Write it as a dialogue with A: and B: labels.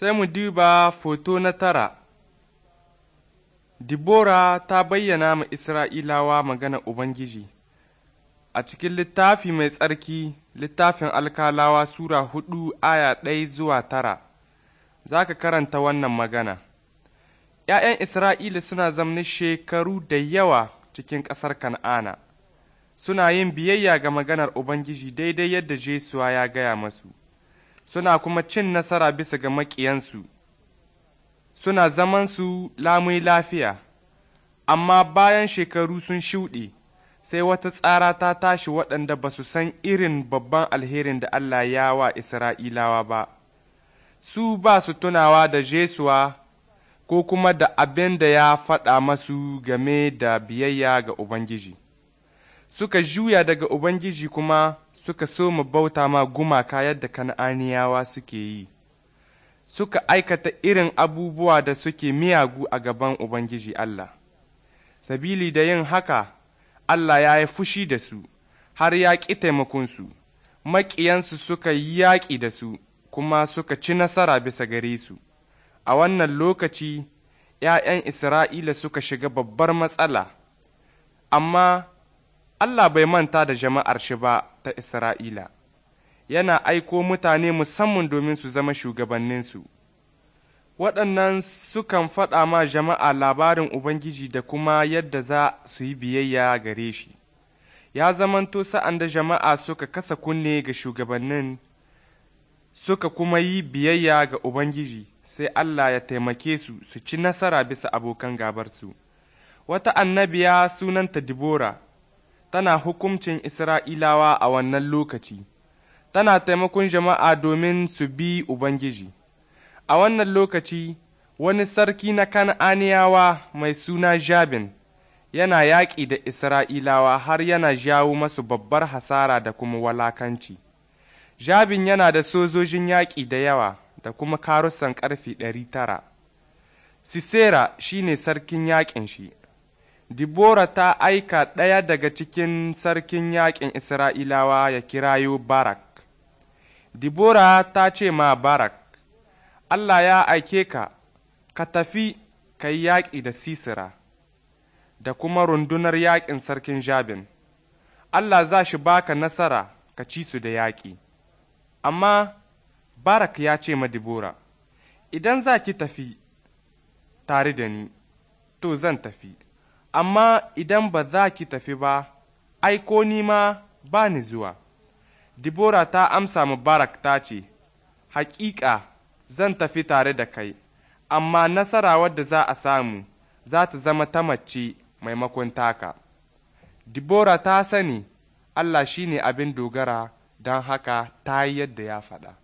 A: sai mu duba foto na tara. Dibora ta bayyana ma Isra'ilawa magana Ubangiji a cikin littafi mai tsarki, littafin alkalawa Sura hudu aya ɗaya zuwa tara, za ka karanta wannan magana. ’Ya'yan Isra'ila suna zamni shekaru da yawa cikin ƙasar Kan'ana, suna yin biyayya ga maganar Ubangiji daidai yadda Jesuwa ya gaya masu. suna kuma cin nasara bisa ga maƙiyansu, suna zamansu lamai lafiya, amma bayan shekaru sun shuɗe, sai wata tsara ta tashi waɗanda ba su san irin babban alherin da Allah ya wa Isra'ilawa ba, su ba su tunawa da Jesuwa ko kuma da abin da ya faɗa masu game da biyayya ga Ubangiji. suka juya daga Ubangiji kuma suka so mu bauta ma gumaka yadda kan'aniyawa suke yi, suka aikata irin abubuwa da suke miyagu a gaban Ubangiji Allah. Sabili da yin haka, Allah ya yi fushi da su, har ya ƙi taimakonsu, maƙiyansu suka yi yaƙi da su, kuma suka ci nasara bisa gare su. A wannan lokaci, ’ya'yan Isra'ila suka shiga babbar matsala, amma Allah bai manta da jama'ar shi ba ta Isra'ila, yana aiko mutane musamman domin su zama shugabanninsu. Waɗannan sukan faɗa ma jama'a labarin Ubangiji da kuma yadda za su yi biyayya gare shi. Ya zamanto sa'an da jama'a suka kasa kunne ga shugabannin, suka kuma yi biyayya ga Ubangiji, sai Allah ya taimake su su ci nasara bisa abokan gabarsu. Wata annabiya sunanta Dibora. tana hukuncin Isra'ilawa a wannan lokaci, tana taimakon jama'a domin su bi Ubangiji. A wannan lokaci, wani sarki na Kan'aniyawa mai suna Jabin yana yaƙi da Isra'ilawa har yana jawo masu babbar hasara da kuma walakanci. Jabin yana da sojojin yaƙi da yawa da kuma karussan ƙarfi ɗari tara. Sisera shi ne sarkin yaƙin shi, Dibora ta aika ɗaya daga cikin sarkin yaƙin Isra'ilawa ya kirayo Barak. Dibora ta ce ma Barak, Allah ya aike ka, ka tafi ka yi yaƙi da Sisira, da kuma rundunar yaƙin sarkin Jabin. Allah za shi baka nasara ka ci su da yaƙi. Amma Barak ya ce ma Dibora, Idan za ki tafi tare da ni, to zan tafi. amma idan ba za ki tafi ba, ai, ko ni ma ba ni zuwa. Dibora ta amsa Mubarak ta ce, Hakika zan tafi tare da kai, amma nasara wadda za a samu za ta zama ta mace maimakon taka. Dibora ta sani Allah shi ne abin dogara don haka ta yi yadda ya faɗa.